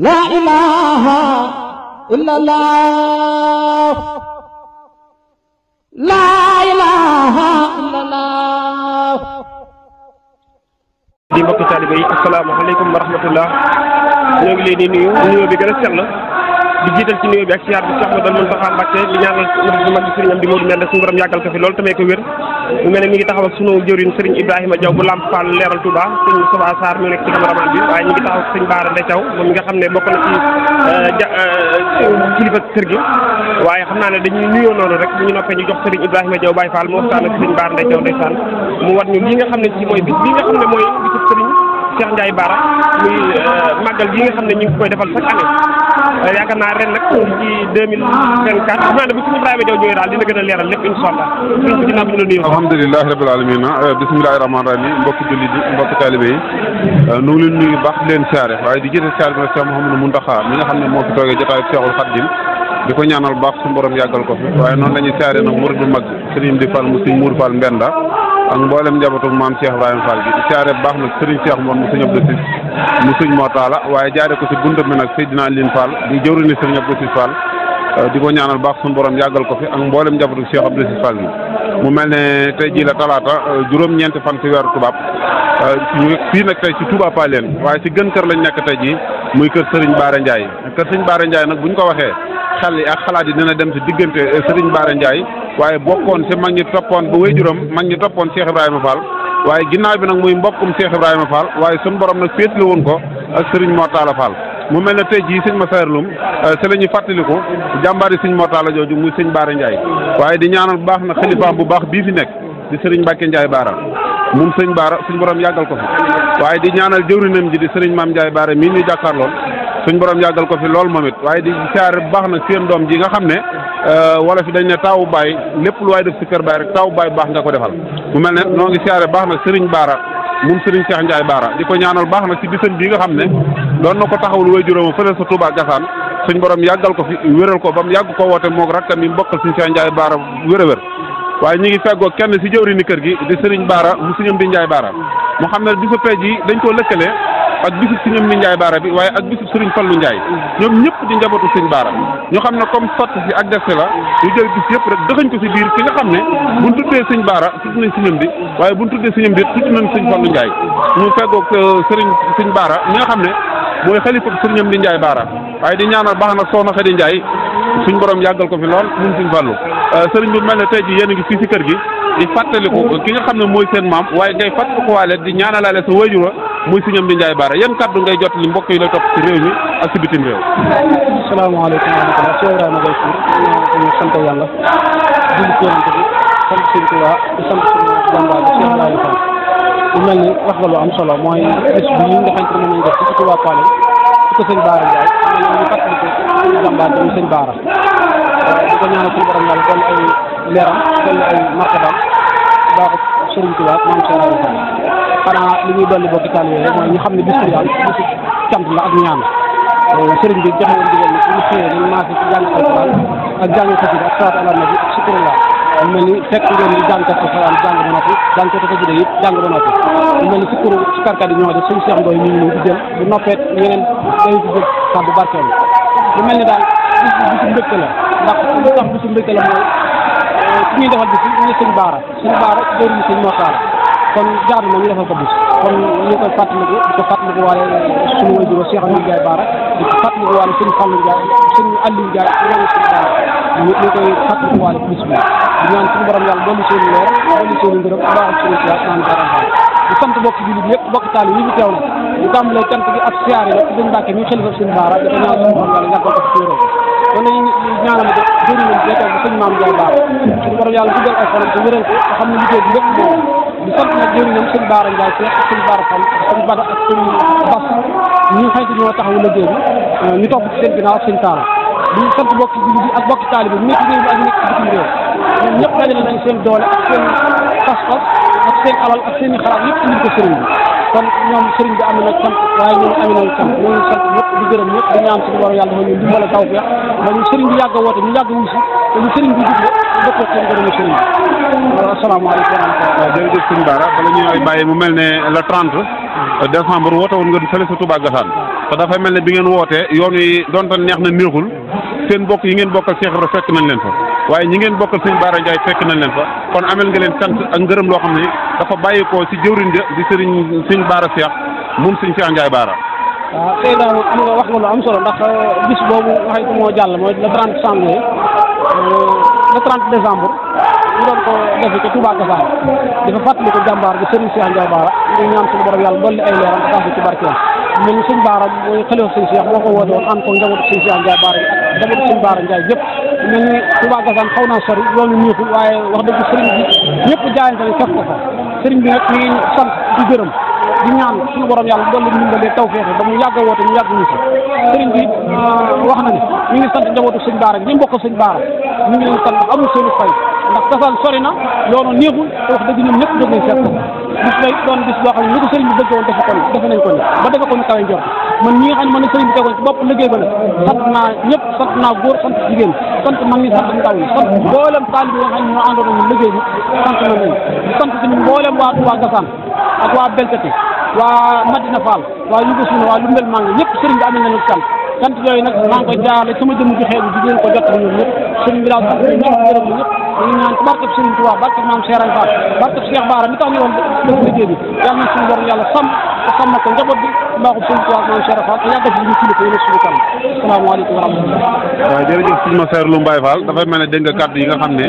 la ilaha illallah la ilaha illallah di mbokk taalibe yi ngi leen di nuyu nuyoo bi gën a set la di jiital ci nuyoo bi ak siyaar bi Cheikh Ahmadou Mountakha Mbacké di ñaanal mag bi sëriñam bi Modou Mbène suñu borom yàggal ko fi loolu tamee ko wér mu mel ne mi ngi taxaw ak sunu jëwriñ Serigne Ibrahima Diaw bu Lamp Fall leeral Touba sëñ Soba Sarr mu nekk ci cameraman bi waaye ñu ngi taxaw ak sëñ Baara Ndeye Thiaw moom mi nga xam ne bokk na ci euh, ja euh, kilifa kër gi waaye xam naa ne dañuy nuyoo noonu rek ñu noppee ñu jox Serigne Ibrahima Diaw Baye Fall mu waxtaan ak sëñ Baara Ndeye Thiaw ndeysaan mu wat ñu li nga xam ne ci mooy bis bi nga xam ne mooy bisu Serigne Cheikh Ndiaye Bara muy euh, màggal gi nga xam ne ñu ngi koy defal chaque année euh, yaakaar naa ren nag ci deux mille vingt quatre xam naa ne bu suñu Ibrahima Diaw ñëwee daal dina gën a leeral lépp incha allah suñ ko ginnaaw bi ñu la nuyu. alhamdulilah rabil aalamiina euh, bisimilah rahmaani rahiim mbokki jullit yi nu ngi nuyu baax di leen siyaare waaye di jiite siyaare bi nag Cheikh Mouhamadou Mountakha mi nga xam ne moo fi toogee jotaayu Cheikhul Khadim di ko ñaanal baax su borom yàggal ko fi waaye noonu la ñuy siyaare nag murid bu u Serigne di Fall mu Serigne Mour Fall Mbenda ak mboolem njabootu maam Cheikh Ibrahima Fall bi siyaare baax nag sëriñ Cheikh Mor mu sëñ Abdou Sis sëñ Mor Talla waaye jaare ko si buntu bi nag Seydina Aline Fall di jëwriñu sëriñ Abdou Sis Fall euh, di ko ñaanal baax suñu borom yàggal ko fi ak mboolem njabootu Cheikh Abdou Sis Fall bi mu mel ne tey jii la talaata euh, juróom-ñeenti fan si weeru tubaab euh, fii nag tey si Touba Palen waaye si gën kër lañ nekk tey jii muy kër sëriñ Baara Ndiaye kër sëriñ Baara Ndiaye nag ñu ko waxee xel yi ak xalaat yi dina dem ci diggante eh, Serigne Bara Ndiaye waaye bokkoon ci mag ñi toppoon ba wéyjuram mag ñi toppoon Cheikh Ibrahima Fall waaye ginnaaw bi nag muy mbokkum Cheikh Ibrahima Fall waaye suñu borom nag féetlu woon ko ak Serigne Mortala Fall mu mel ne tey jii sëñ Massar Loum si eh, la ñuy fàttaliku jàmbaari sëñ Mortala jooju muy sëñ Bara Ndiaye waaye di ñaanal bu baax na xalifaam bu baax bii fi nekk di Serigne Mbacke Ndiaye Bara moom sëñ Bara suñu borom ko fi waaye di ñaanal jëwrinam ji di Serigne Mame Ndiaye Bara mii suñ borom yàggal ko fi lool moom it waaye di siyaare baax nag seen doom ji nga xam ne euh, wala fi dañ ne taawu baay lépp lu waay def si kër baay rek taawu baay baax nga ko defal mu mel ne noo ngi siyaare baax nag sëriñ Baara moom sëriñ Cheikh Baara di ko ñaanal baax nag si bisam bii nga xam ne doon na ko taxawul way juróoma fële sa Touba Gassane suñ borom yàggal ko fi wéral ko ba mu yàgg ko woote moog rakkam yi mbokkal suñ Cheikh Ndiaye Baara wér ñu ngi feggoo kenn si jëwri ni kër gi di sëriñ Baara mu sëriñ di Ndiaye Baara mu xam ne bisu pej yi dañ koo lëkkale ak bisub si ñoom ni Ndiaye Baara bi waaye ak bisub Serigne Fallou Ndiaye ñoom ñëpp di njabootu Serigne Baara ñu xam ne comme sotti si ak defte la ñu jël bis yëpp rek dëxañ ko si biir ki nga xam ne buñ tuddee Serigne Baara tudd nañ Serigne bi waaye buñ tuddee Serigne bi tudd nañ Serigne Fallou Ndiaye mu feggoog Serigne Serigne Baara mi nga xam ne mooy xalifa Serigne di Ndiaye Baara waaye di ñaanal baax na soxna Xadi Ndiaye suñ borom yàggal ko fi lool mun suñ fàllu sëriñ bi mel ne tey ji yéen a ngi fii si kër gi di fàttaliku ki nga xam ne mooy seen maam waaye ngay fàttaliku waale di ñaanalaale sa wajura muy Serigne Amdy Ndiaye Bara yan kàddu ngay jot li mbokk yi lay topp ci réew mi ak ci bitim réew. salaamaaleykum wa rahmatulah Cheikh Ibrahima Gaye wax nga lu am solo mooy bis bii nga xam ne moom lañ def ci Touba Palais ci ko sëñ Baara Ndiaye ñu ko jàmbaar bi sëñ di ko ñaanal suñu borom yàlla dolli ay moom Cheikh Ibrahima Fall xanaa li ñuy dolli bokki taalibe rek mooy ñu xam ne bis bi daal bisu cant la ak ñaan euh, sëriñ bi joxe woon digal ni ñu xëyee dañu ak jàng xasida ak salaatu ala mu mel ni fekk ngeen di jàngkat ko xalaan jàng ba noppi jàngkat ko xasida yëpp jàng ba noppi mu mel ni sukuru sukarkat yi ñoo def suñu seex ndooy ñu di jël bu noppee ñeneen day ci jël kàddu barkeel mu ni daal bis bisu mbégte la ndax li tax bisu la mooy ki euh, defal bis ñu sëñ baara sëñ baara jëriñu sëñ moo kon jaadu na ñu defal ko bis kon ñu koy fàttaliku di ko fàttaliku waale suñu wajuro Cheikh Aliou Ndiaye Baara di ko fàttaliku waale suñu Fallou Ndiaye suñu Aliou Ndiaye ñoom suñu Baara ñu ñu koy fàttaliku waale bis bi di ñaan suñu borom yàlla dolli seen leer dolli seen ngërëm baaxal suñu si naan dara di sant bokk jullit yëpp bokk taal yi ñu teew na ñu tàmbalee cant gi ak siyaar yi nag suñu mbàkke mi xalifa suñu Baara dafa ñaan suñu borom yàlla yàggal ko ci kon dañuy ñaanal ko jëriñu leen béykat bi sëñ maam Ndiaye Baara suñu borom yàlla dugal ak xalam te wéral ko xam ne liggéey bi lépp moom di sant nag jëriñam sëñ Baara Ndiaye Seck ak sëñ Baara Fall ak sëñ Bada ak sëñ Bass ñi nga xamante ñoo taxawu liggéey bi euh, ñu topp ci seen ginnaaw ak sëñ Taala di sant bokki jullit bi ak bokki taalibe bi nekk réew mi ak nekk bitim réew ñoom ñëpp dajale nañ seen doole ak seen pas-pas ak seen alal ak seen i xalaat yëpp indi ko sëriñ bi kon ñoom sëriñ bi am na sant waaye ñoom am nañ sant ñoo ngi sant ñëpp di gërëm ñëpp di ñaan suñu borom yàlla dafa ñun di boole taw feex ba ñu sëriñ bi yàgg a woote ñu yàgg wusi te ñu sëriñ bi digle dëppoo seen gërëm sëriñ bi asalaamaaleykum wa rahmatulah jërëjëf sëñ Bara bala ñu bàyyi mu nga di fële sa Touba Gassane te dafay ne bi ngeen wootee yoon yi donte neex na néexul seen yi ngeen bokkal Cheikh Ibra fekk nañ leen fa waaye ñi ngeen bokkal sëñ Bara Ndiaye fekk nañ leen fa kon amel nga ne dafa bàyyi ko si jëwriñ ja di sëriñ sëñ Bara Cheikh moom sëñ Cheikh Ndiaye Bara waaw tey daal am nga wax nga lu am solo ndax euh, bis boobu waxee ko moo jàll mooy le 30 décembre le 30 décembre ñu doon ko defi ca Touba Gassane di fa jàmbaar bi Serigne Cheikh Ndiaye Bara ñu ñaan suñu borom yàlla dolli ay leeram taas ci barkeem ñun suñ baara muy xalifa suñ Cheikh moo ko woote woon ànd ko njabootu suñ Cheikh Ndiaye Bara ak njabootu suñ baara Ndiaye yëpp mel ni Touba Gassane xaw naa sori yoonu wax dëgg sëriñ bi ñëpp jaayante nañ fekk ko fa sëriñ bi nag ñu ngi sant di di ñaan suñu borom yàlla dolli ñu nga leen tawfeex ba mu yàgg a woote ñu yàgg ñu euh, na ni ñu sant njabootu sëñ baara sant amul seenu fay ndax na yoonu neexul te ñëpp jóg nañ seet boo xam ne ni ko sëriñ bi bëgg woon defe ko ni defe na sëriñ bi tegoon ci ñu sant na waa gasaan ak waa belkati waa Madina Fall waa Louga Soune waa Lumbel Mang ñëpp sëriñ bi amee nañu sant sant yooyu nag maa ngi koy jaarale sama ju xeebu ko jot ñun ñëpp sëriñ bi daal sant ñëpp gërëm ñëpp ñu ñaan ci barkeb sëriñ Tuubaa barkeb maam Cheikh te xam na ko njaboot bi mbaaxu sëñ Tuubaa maam Cheikh dafay mel ne dégg nga kàddu yi nga xam ne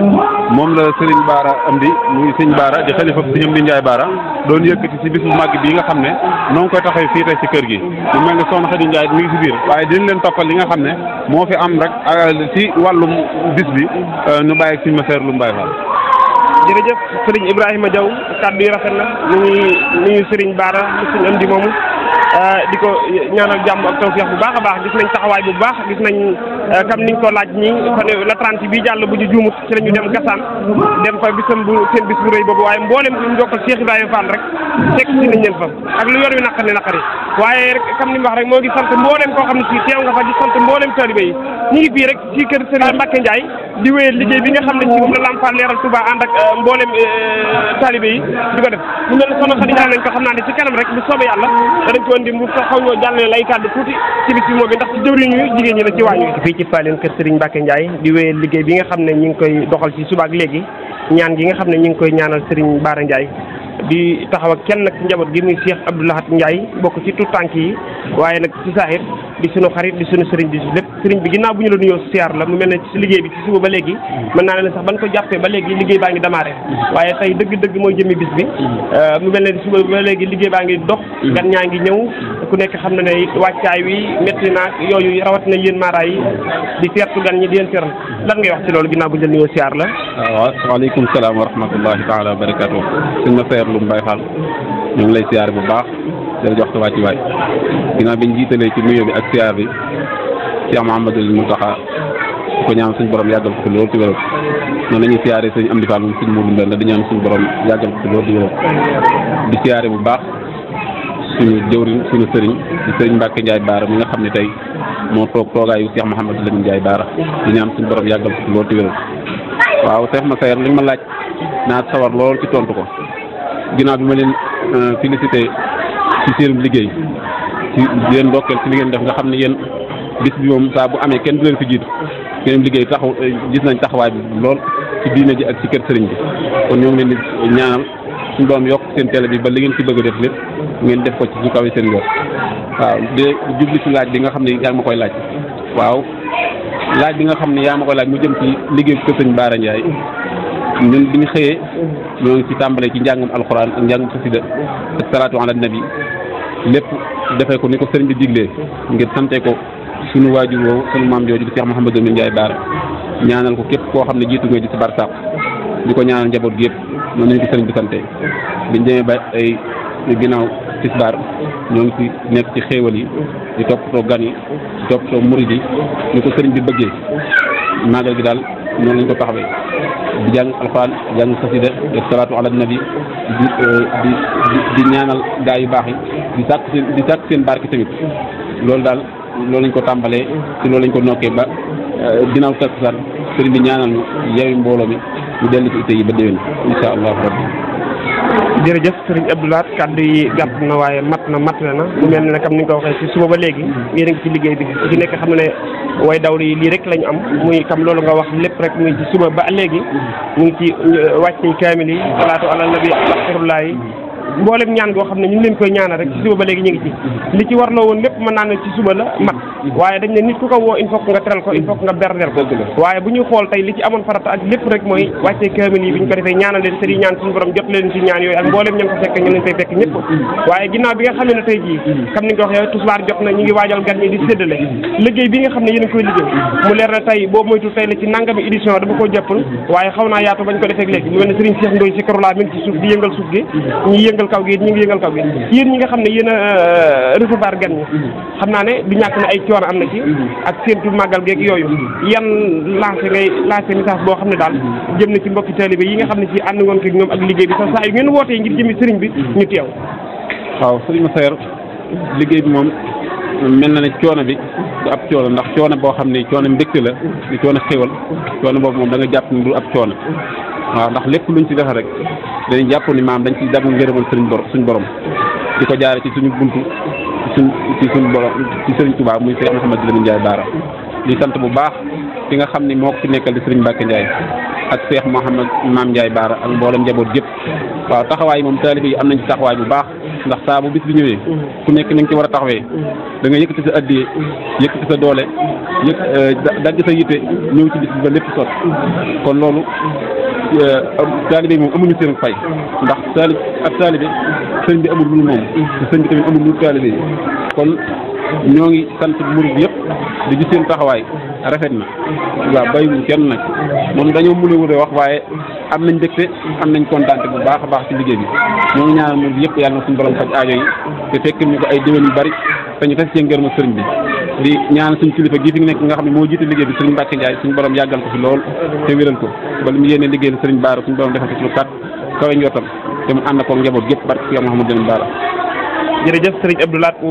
moom la Serigne Bara am di muy sëñ Bara di xalifa sëñ Amdi Njaay Bara doon yëkkati ci bisu màgg bi nga xam ne noo koy taxawee fii tey ci kër gi mu mel ne soxna Xadi Njaay mi ngi ci biir waaye dinañ leen toppal li nga xam ne moo fi am rek ah, ci wàllu bis bi nu euh, bàyyi ak sëñ Massar Lo Mbaye Fall jërëjëf Serigne Ibrahima Diaw kàddu yi rafet na ñu ngi nuyu Serigne Baara suñu am di moomu ah, di ko ñaanal jàmm ak tawfeex bu baax a baax gis nañ taxawaay bu baax gis nañ. Euh, comme niñ ko laaj ñi fan la 30 bi jàll bu ñu juumut ci la dem Gassane dem fa bisam bu seen bis bu rëy boobu waaye mboolem ñu jokkal Cheikh rek fekk ci nañ leen fa ak lu yor wi naqari naqari waaye rek ni mu rek moo ngi sant mboolem koo xam ne si teew nga fa di sant mboolem taalibe yi ñu fii rek ci kër Serigne Mbacke Ndiaye di wéyal liggéey bi nga xam ne ci kanam rek bu soobee yàlla danañ ko indi mu xaw ñoo jàllale lay kàddu tuuti fii ci Falène kër Serigne Mbacke Ndiaye di wéyal liggéey bi nga xam ne ñu ngi koy doxal ci suba ak léegi ñaan gi nga xam ne ñu ngi koy ñaanal Serigne Bara Ndiaye di taxaw ak kenn nag ci njaboot gi muy cheikh abdullah ndjay bokk ci tout tanki waye nak ci saaxir di sunu xarit di sunu serigne bi si lépp sëriñ bi ginaaw buñu ñu la nuyoo siyaar la mu mel ci liggey bi ci suba ba legi man naa la sax ban ko jappé ba legi liggey baangi ngi démarré waaye tey deug dëgg jëmi bis bi euh, mu mel ci suba ba legi liggey baangi dox gan ñaangi ñew ku nekk xamna né waccay wi metti na yoyu rawat na yeen maray di teertu gan ñi di leen teral lan ngay wax ci lolu ginaaw buñu ñu la nuyoo siyaar la euh, wa alaykum salaam wa rahmatullahi taala wa barakatuh Thiarloum Baye Fall ñu ngi lay siyaare bu baax di la jox sa wàcc waay ginnaaw bi ñu jiitalee ci nuyoo bi ak siyaar bi Cheikh Mouhamadul ko ñaan suñu borom yàggal ko fi loolu ci wéral noonu la mu di ñaan suñu borom yàggal ko di siyaare bu baax suñu jëwriñ suñu sëriñ di sëriñ Mbacke Ndiaye mi nga xam ne tey moo toog toogaayu Cheikh Mouhamadul Lamine Ndiaye Baara di ñaan suñu borom yàggal ko fi loolu ci wéral ma laaj naa sawar lool ci tontu ko ginnaaw bi ma leen euh, félicité ci seen liggéey ci di ndokkeel ci li def nga xam ne yéen bis bi moom saa bu amee kenn du leen fi jiitu ngeen liggéey taxaw euh, gis nañ taxawaay bi lool ci diine ji ak ci kër sëriñ bi kon ñoo ngi leen di ñaanal suñu doom yokk seen télé bi ba li ngeen ci bëgg a def lépp ngeen def ko ci su kawe seen bopp waaw de jubli ci laaj bi nga xam ne yaa ma koy laaj waaw laaj bi nga xam ne yaa ma koy laaj mu jëm ci liggéey kër sëriñ ñoo ngi ci tàmbale ci njàngum alxuraan ak njàngum xasida ak salaatu ala nabi lépp defee ko ni ko sëriñ bi diglee ngir sante ko sunu waajur woowu sunu maam jooju di Cheikh Mouhamadou Lamine Ndiaye Baara ñaanal ko képp koo xam ne jiitu nga di si barsàq di ko ñaanal njaboot gi yëpp noonu ñu ko sëriñ bi sante biñ demee ba ay ginnaaw tisbaar ñoo ngi ci nekk ci xéewal yi di toppatoo gan yi di toppatoo murid yi ni ko sëriñ bi bëggee màggal gi daal noonu lañ ko taxawee di jàng alxuraan jàng xasida def salaatu ala nabi euh, di di di ñaanal gaa yu baax yi di sàkk seen baar sàkk tamit loolu daal loolu lañ ko tàmbalee ci loolu lañ ko nokkee ba euh, ginnaaw takkusaan sëriñ bi ñaanal ñu yewi mbooloo mi ñu dellu ci ité yi ba déwén incha allahu rabbi jërëjëf sëriñ Abdou laat kàddu yi gàtt na waaye mat na mat la na mu mel ne comme ni nga ko waxee ci suba ba léegi yéen ngi ci liggéey bi ci nekk xam ne way daw yi lii rek lañu am muy kam loolu nga wax lépp rek muy ci suba ba léegi mu ngi ci euh, wàcce kaamil yi salaatu ala nabi astaxfirullaa yi mboolem ñaan goo xam ne ñu ngi leen koy ñaanal rek ci suba ba léegi ñu ngi ci li ci warloo woon lépp mën naa ne ci suba la mat waaye dañ ne nit ku ko woo il nga teral ko il nga berdel ko waaye bu ñuy xool tey li ci amoon farata ak lépp rek mooy wàccee kaamil yi bi ñu ko defee ñaanal leen sëriñ ñaan suñu borom jot leen ci ñaan yooyu ak mboolem ñan ko fekk ñu leen koy fekk ñëpp waaye ginnaaw bi nga xam ne ne tey jii xam ni nga waxee tusbaar jot na ñu yëngal kaw gi ñu ngi yëngal kaw gi nga xam ne yéen a euh, recevoir gan ñi xam naa ne du ñàkk ne ay coono am na ci ak séentu màggal geeg yooyu yan lancé ngay lancé message boo xam ne daal jëm na ci mbokki taalibe yi nga xam ne ci ànd ngoon ak ñoom ak liggéey bi sax saa yu ngeen wootee ngir jëmi sëriñ bi ñu teew waaw sëriñ Massaer liggéey bi moom mel na ne coono bi du ab coono ndax coono boo xam ne coono mbégte la di coono xéwal coono boobu moom da nga jàpp ne du ab coono waaw ndax lépp luñ ci defal rek dañuy jàpp ni maam dañ ci dem ngërëmal sëriñ borom suñ borom di ko jaare ci suñu buntu suñ ci suñ borom ci sëriñ Tuubaa muy Seex Mouhamadou Lamine Ndiaye Baara di sant bu baax ki nga xam ni moo ko nekkal di sëriñ Mbacke Ndiaye ak cheikh mohammed Maam Ndiaye Baara ak mboolem njaboot yëpp waaw taxawaay moom taalib yi am nañ ci taxawaay bu baax ndax saa bu bis bi ñëwee ku nekk ni nga ci war a taxawee da nga yëkkati sa addi yëkkati sa doole yëkk eh, dagg sa yitte ñëw ci bis bi ba lépp sot kon loolu Euh, taalibe moom amuñu seen fay ndax taalib ak taalibe sëñ bi amul lu moom te sëñ bi tamit amul lu taalibe yi kon ñoo ngi sant murid yëpp di gis seen taxawaay rafet na waaw bàyyiwul kenn nag moom dañoo mën a wute wax waaye am nañ mbégte am nañ kontaante bu baax baax ci liggéey bi ñoo ngi ñaanal murid yëpp yàlla na suñu borom faj aajo yi te fekk ñu ko ay déwén yu bari te ñu tas cee ngërëm sëriñ bi di ñaan suñ kilifa gi fi nekk nga xam ne moo jiite liggéey bi sëriñ Mbacke Ndiaye suñ borom yàggal ko fi lool te wéral ko ba li mu yéene liggéeyal sëriñ Baara suñ borom defal ko ci lu kat kawe njottam te mu ànd ko njaboot gépp barke si yow Mouhamadou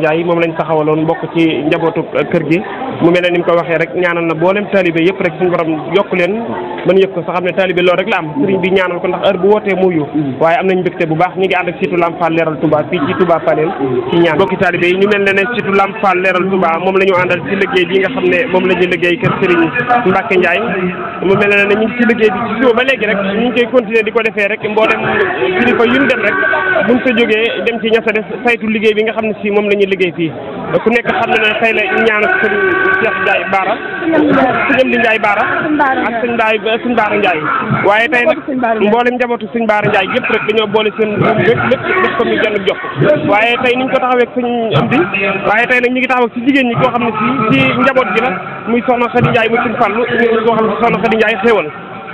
Lamine moom lañ taxawaloon mbokk ci njabootu kër gi mu mel ni mu ko waxee rek ñaanal na boolem taalibe yëpp rek suñu borom yokk leen man yëpp ko sa xam ne taalibe loolu rek la am sëriñ bi ñaanal ko ndax heure bu wootee muyu mm-hmm. waaye am nañ mbégte bu baax ñu ngi ànd ak sëriñ mm-hmm. Mbacke Ndiaye mu mel ne ne ñu ngi ci liggéey bi ci suba ba léegi rek ñu ngi koy continuer di ko defee rek mboolem kilifa yu ñu dem rek buñ fa jógee dem ci ña sa def saytu liggéey bi nga xam ne si moom la ñuy liggéey fii ku nekk xam la ñaan sëriñ Cheikh Ndiaye Baara sëñ Amdi Ndiaye Baara ak sëñ Baay sëñ Baara Ndiaye waaye tey nag mboolem njabootu sëñ Baara Ndiaye yëpp rek dañoo boole seen lépp lépp def ko muy genn jox waaye tey niñ ko taxawee ak sëñ Amdi waaye tey nag ñu ngi taxaw ak si jigéen ñi koo xam ne si si njaboot gi la muy soxna Xadi Ndiaye mu sëñ Fallu koo soxna Xadi Ndiaye xéewal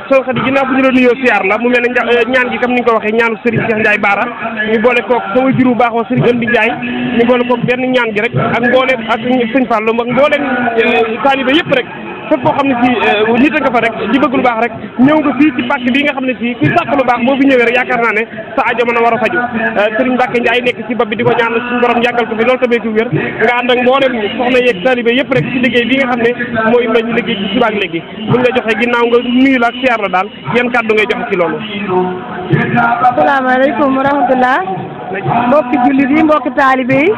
soxna Khady ginnaaw bu ñu la nuyoo siyaar la mu mel ne eh, ñaan gi comme ni nga ko waxee ñaanu Serigne Cheikh Ndiaye Baara ñu boole koog sama juru baax wa Serigne Amdi Ndiaye ñu boole koog benn ñaan gi rek ak mbooleem ak Serigne Fallou ak mbooleem eh, taalibe yëpp rek fépp koo xam ne si euh, nit a nga fa rek di bëgg lu baax rek ñëw nga fii ci pàcc bii nga xam ne si kuy sàkk lu baax boo fi ñëwee rek yaakaar naa ne sa aajo mën a war a faju euh, sëriñ Mbacke Ndiaye nekk ci bopp bi di ko ñaanal suñu borom yàggal loolu tamit ku wér nga ànd ak mboolem soxna yeeg talibé yëpp rek ci liggéey bi nga xam ne mooy la ñu liggéey ci subaak léegi buñ la joxee ginnaaw nga nuyu la ak siyaar la daal yan kàddu ngay joxe ci loolu asalaamaaleykum wa rahmatullah mbokki jullit yi mbokki taalibe yi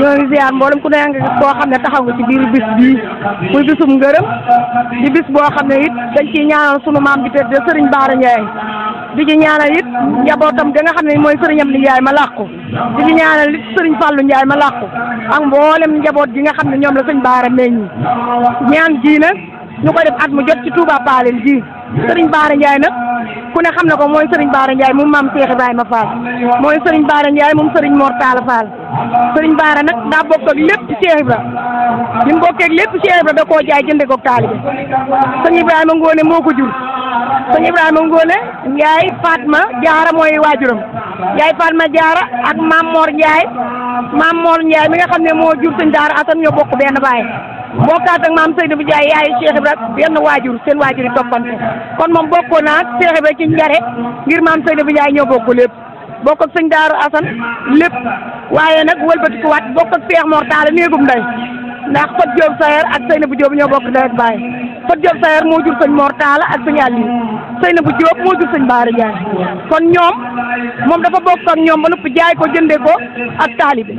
ñoo ngi ziar mboolem ku ne nekk koo xam ne taxaw nga ci biir bis bii muy bisum ngërëm di bis boo xam ne it dañ ciy ñaanal sunu maam bi tëdd sëriñ Baara Ndiaye di ci ñaanal it njabootam da nga xam ne mooy sëriñ Amdi Ndiaye ma làqu di ci ñaanal it sëriñ Fallou Ndiaye ma làqu ak mboolem njaboot gi nga xam ne ñoom la sëñ Baara meññi ñaan gii na ñu koy def at mu jot ci Touba Palen gii sëriñ Baara Ndiaye nag ku ne xam ne ko mooy sëriñ Bara Ndiaye moom maam Cheikh Ibrahima Fall mooy Serigne Bara Ndiaye moom Serigne Mor taal Fall Serigne Bara nag daa bokk ak lépp Cheikh Ibra li mu bokkee ak lépp Cheikh Ibra da koo jaay jëndee ko taalibe sëñ Ibrahima Ngone moo ko jur sëñ Ibrahima Ngone Ndiaye Fatma Diarra mooy waajuram Ndiaye Fatma Diarra ak maam Mor Ndiaye maam Mor Ndiaye mi nga xam ne moo jur sëñ Daara Assane ñoo bokk benn baay. bokkaat ak maam Seydou Ndiaye yaayu Cheikh Ibra benn waajur seen waajur yi toppante kon moom bokkoon naa ak Cheikh Ibra ci njare ngir maam Seydou Ndiaye ñoo bokk lépp bokk ak sëñ Daaru Assane lépp waaye nag wëlbatikuwaat bokk ak Cheikh Mor Talla néegum nday ndax Fat Diop Sayer ak Seynabou Diop ñoo bokk nawet baay Fat Diop Sayer moo jur sëñ Mor Talla ak sëñ Aliou Seynabou Diop moo jur sëñ Baara Ndiaye kon ñoom moom dafa bokk ak ñoom ba noppi jaay ko jënde ko ak taalibe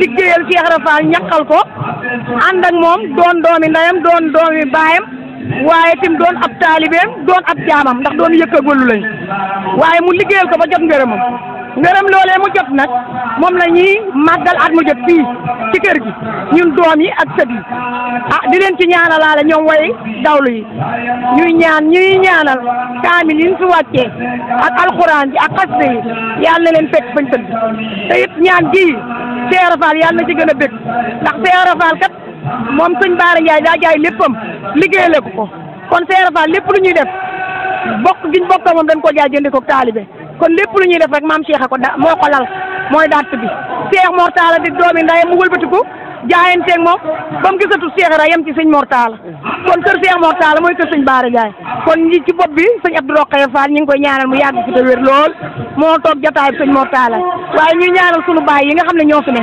liggéeyal Cheikh Rafaal ñaqal ko ànd ak moom doon doomi ndeyam doon doomi baayam waaye tim doon ab taalibeem doon ab jaamam ndax doon yëkk a góllu waaye mu liggéeyal ko ba jot ngërëmam ngërëm loolee mu jot nag moom la ñuy màggal ak mu jot fii ci kër gi ñun doom yi ak sët yi ah di leen ci ñaanalaale ñoom way dawlu yi ñuy ñaan ñuy ñaanal kaamil yi ñu fi wàccee ak alxuraan ji ak xaste yi yàlla na leen fekk fañ tëdd te it ñaan gii Seera Faal yàlla na ci gën a bëgg ndax Seera Faal kat moom sëñ Baara Ndiaye daa jaay léppam liggéeyale ko kon Seera Faal lépp lu ñuy def bokk giñ bokk moom dañ ko jaay jëndi ko taalibe kon lépp lu ñuy def rek maam Cheikh ko da moo ko lal mooy dàtt bi Cheikh Mortala di doomi ndayam mu wëlbatiku jaayanteeg moom ba mu gisatu Cheikh ra yem ci sëñ Mortala kon kër Cheikh Mortala mooy kër sëñ Baara Ndiaye kon ñi ci bopp bi sëñ Abdou Rokhaya Fall ñu ngi koy ñaanal mu yàgg fi te wér lool moo toog jotaay bi sëñ Mortala waaye ñuy ñaanal sunu baay yi nga xam ne ñoo fi ne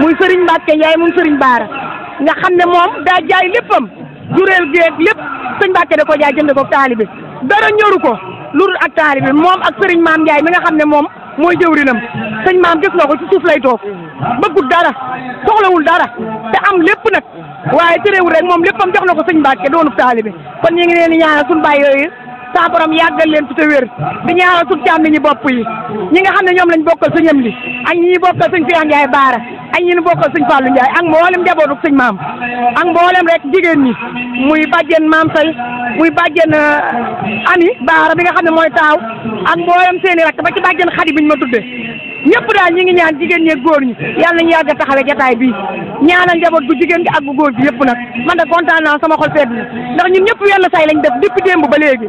muy Serigne Mbacke Ndiaye moom Serigne Baara nga xam ne moom daa jaay léppam jureel géeg lépp sëñ Mbacke da ko jaay jënd ko taalibe dara ñoru ko lu dul ak taalibe moom ak sëriñ maam Ndiaye mi nga xam ne moom mooy jëwrinam sëñ maam gis na ko ci suuf lay toog bëggul dara soxlawul dara te am lépp nag waaye terewul rek moom léppam jox na ko sëñ Mbàkke doonub taalibe kon ñu ngi leen di ñaanal suñu baay yooyu sa borom yàggal leen fi te wér di ñaanal suñu càmm ñi bopp yi ñi nga xam ne ñoom lañ bokkal suñu am li ak ñi bokkal suñ Cheikh Ndiaye Baara ak ñi ñu bokkal suñ Fallou Ndiaye ak mboolem njabootu suñ maam ak mboolem rek jigéen ñi muy bàjjen maam say muy bàjjen euh, ami Baara bi nga xam ne mooy taaw ak mboolem seeni rakk ba ci bàjjen Xadi bi ñu ma tudde ñëpp daal ñi ngi ñaan jigéen ñi góor ñi yàlla ga yàgg a taxawe jataay bii ñaanal njaboot gu jigéen gi ak gu góor gi yëpp nag man da kontaan naa sama xol sedd ndax ñun ñëpp wenn say lañ def depuis démb ba léegi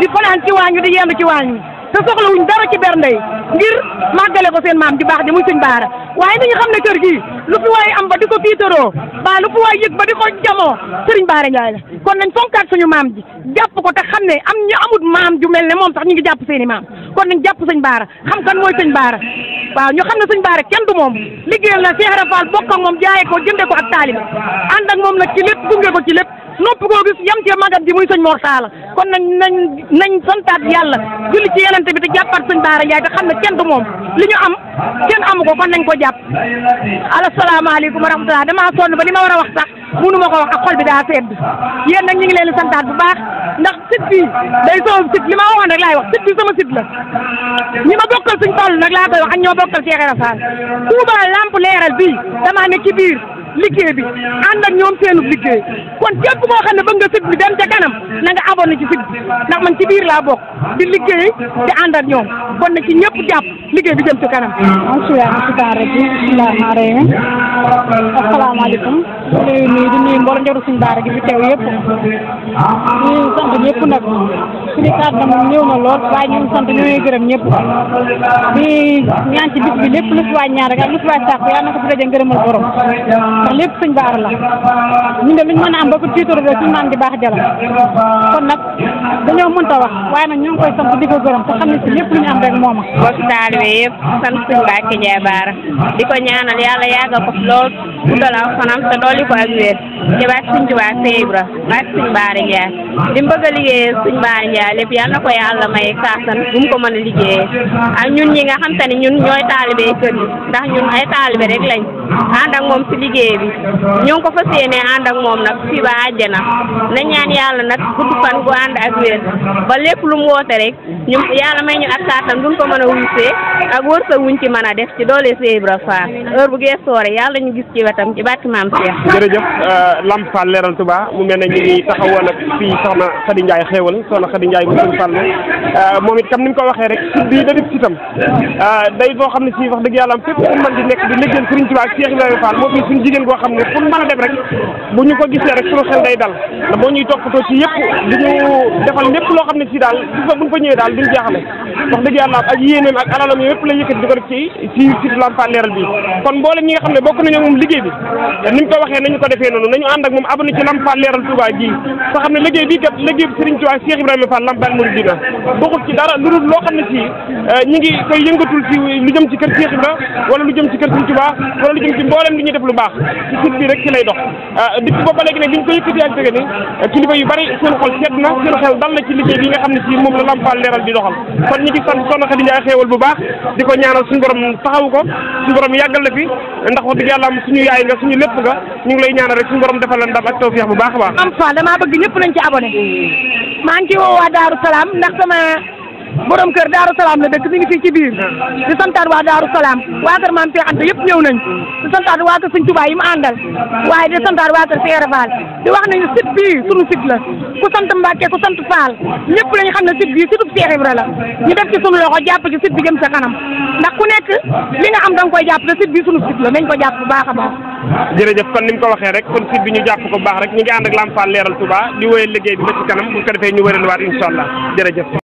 di fanaan ci waañ wi di yendu ci waañ wi te soxlawuñ dara ci bernde yi ngir màggale ko seen maam di baax ma muy sëñ baara waaye nañu xam ne kër gi lu fi waay am ba di ko tiitaroo ba lu fi waay yëg ba di ko jamoo Serigne Bara Ndiaye la kon nañ fonkaat suñu maam ji jàpp ko te xam ne am ñu amut maam ju mel ne moom sax ñu ngi jàpp seeni maam kon nañ jàpp sëñ Bara xam kan mooy sëñ Bara waaw ñu xam ne sëñ Bara kenn du moom liggéeyal na Cheikh Rafal bokk ak moom jaayee ko jëndee ko ak taalibe ànd ak moom nag ci lépp gunge ko ci lépp nopp koo gis yam cee magat ji muy sëñ Mor kon nañ nañ santaat yàlla bi te jàppaat sëñ Bara Ndiaye te xam ne kenn du moom ko kon nañ ko jàpp asalaamaaleykum wa rahmatulah damaa sonn ba li ma war a wax sax munu ma ko wax ak xol bi daa sedd yéen nag ñu ngi leen di santaat bu baax ndax site bi day sama site li ma waxoon rek laay wax site bi sama site la ñi ma bokkal suñ toll nag laa koy wax ak ñoo bokkal Cheikh Ibra Fall Touba lamp leeral bii damaa ne ci biir. liggey bi and ak ñoom seenu liggey kon képp mo xamne ba nga site bi dem ca kanam na nga abonné ci site bi ndax man ci biir la bok di liggey di and ak ñoom bon na ci ñepp japp liggey bi dem ci kanam. asalaamaaleykum di nuyu mbooloo njaru suñu daara gi fi teew yëpp ñu sant ñëpp nag suñu kàddu moom ñëw na lool waaye ñu sant ñu ngi gërëm ñëpp di ñaan ci bis bi lépp lu si waay ñaan ak lu borom ndax lépp suñ baara la ñun de luñ mën a am ba ko tiitaroo de di baax jala kon nag dañoo mënta wax waaye nag ñu di ko gërëm te xam ne si lépp lu ñu am rek mooma bokk taalibe yëpp sant suñ Mbàkke Njaay baara di ko ñaanal yàlla yàggal ko lool guddalaw fanam te ko ak wér di baax suñ Tuubaa Seybra baax suñ Baara Njaay li mu bëgg a liggéeye suñ Baara Njaay lépp yàlla na ko yàlla may kàttan bu mu ko mën a liggéeyee ak ñun ñi nga xam te ne ñun ñooy taalibe kër yi ndax ñun ay taalibe rek lañ ànd ak moom bi ñu ko fasiyene and ak mom nak fi ba aljana na ñaan yalla nak ku fan gu and ak wër ba lepp lu mu wote rek ñu yalla may ñu ak kàttan duñ ko mëna wuté ak wërsa wuñ ci mëna def ci doole sey Ibra heure bu gëstoo rek yalla ñu gis ci wétam ci bàtti maam Cheikh. jërëjëf euh, Lamp Fall leral tuba mu melni ñi ñu ngi taxawoon ak fii soxna Khady ndjay xewal soxna Khady ndjay bu Fall fallu euh, momit kam niñ ko waxee rek ci bi da dib ci tam euh, day bo xamni ci wax deug yalla am fépp fu mën di nek di liggéey Serigne Touba Cheikh Ibrahima Fall mo fi suñu jigéen doon xam ne pour mën a def rek bu ñu ko gisee rek suñu xel day dal te moo ñuy toppatoo ci yëpp di ñu defal lépp loo xam ne sii daal gis nga buñ fa ñëwee daal duñ jaaxale wax dëgg yàlla yëpp la yëkkati di ko def ci ñi nga xam ne bokk nañu moom liggéey bi ni ñu ko waxee nañu ko defee noonu nañu ànd ak moom abonné ci Lampa Leeral Touba gii te xam ne liggéey bii kat liggéey bi Serigne Touba Cheikh Ibrahima ci si euh, ñi ngi lu jëm ci kër Cheikh Ibrahima wala lu jëm ci kër Serigne Touba wala lu jëm ci mboolem li ñu def lu baax ci sut bi rek ci lay dox ah, depuis booba léegi nag bi ñu ko yëkkati ak dëgg ni kilifa yu bari seen xol sedd na seen xel dal na ci liggéey bi nga xam ne si moom la Lamp Fall Leeral di doxal kon ñu ngi sant soxna Khady bu baax di ko ñaanal suñu borom taxawu ko suñu borom yàggal la fi ndax wax dëgg yàlla am suñu yaay nga suñu lépp nga ñu ngi lay ñaanal rek suñu borom defal la ndam ak tawfeex bu baax a baax Lamp damaa bëgg ñëpp nañ ci abonné maa ngi ci woo borom kër Daaru Salaam la dëkk mi ngi fii ci biir di santaat waa Daaru Salaam waa kër maam Cheikh Anta yëpp ñëw nañ di santaat waa kër Sëñ Tuubaa yi mu àndal waaye di santaat waa kër Cheikh Fall di wax nañu site bii sunu site la ku sant Mbàkke ku sant Fall ñu def ci sunu loxo jàpp ci site bi jëm sa kanam ndax ku nekk da koy jàpp te ko jàpp bu baax a baax jërëjëf kon ni mu ko waxee rek kon site bi ñu jàpp ko baax rek ñu ngi ànd ak Lamp Fall Leeral Touba di wéyal liggéey bi ba ci kanam bu ko jërëjëf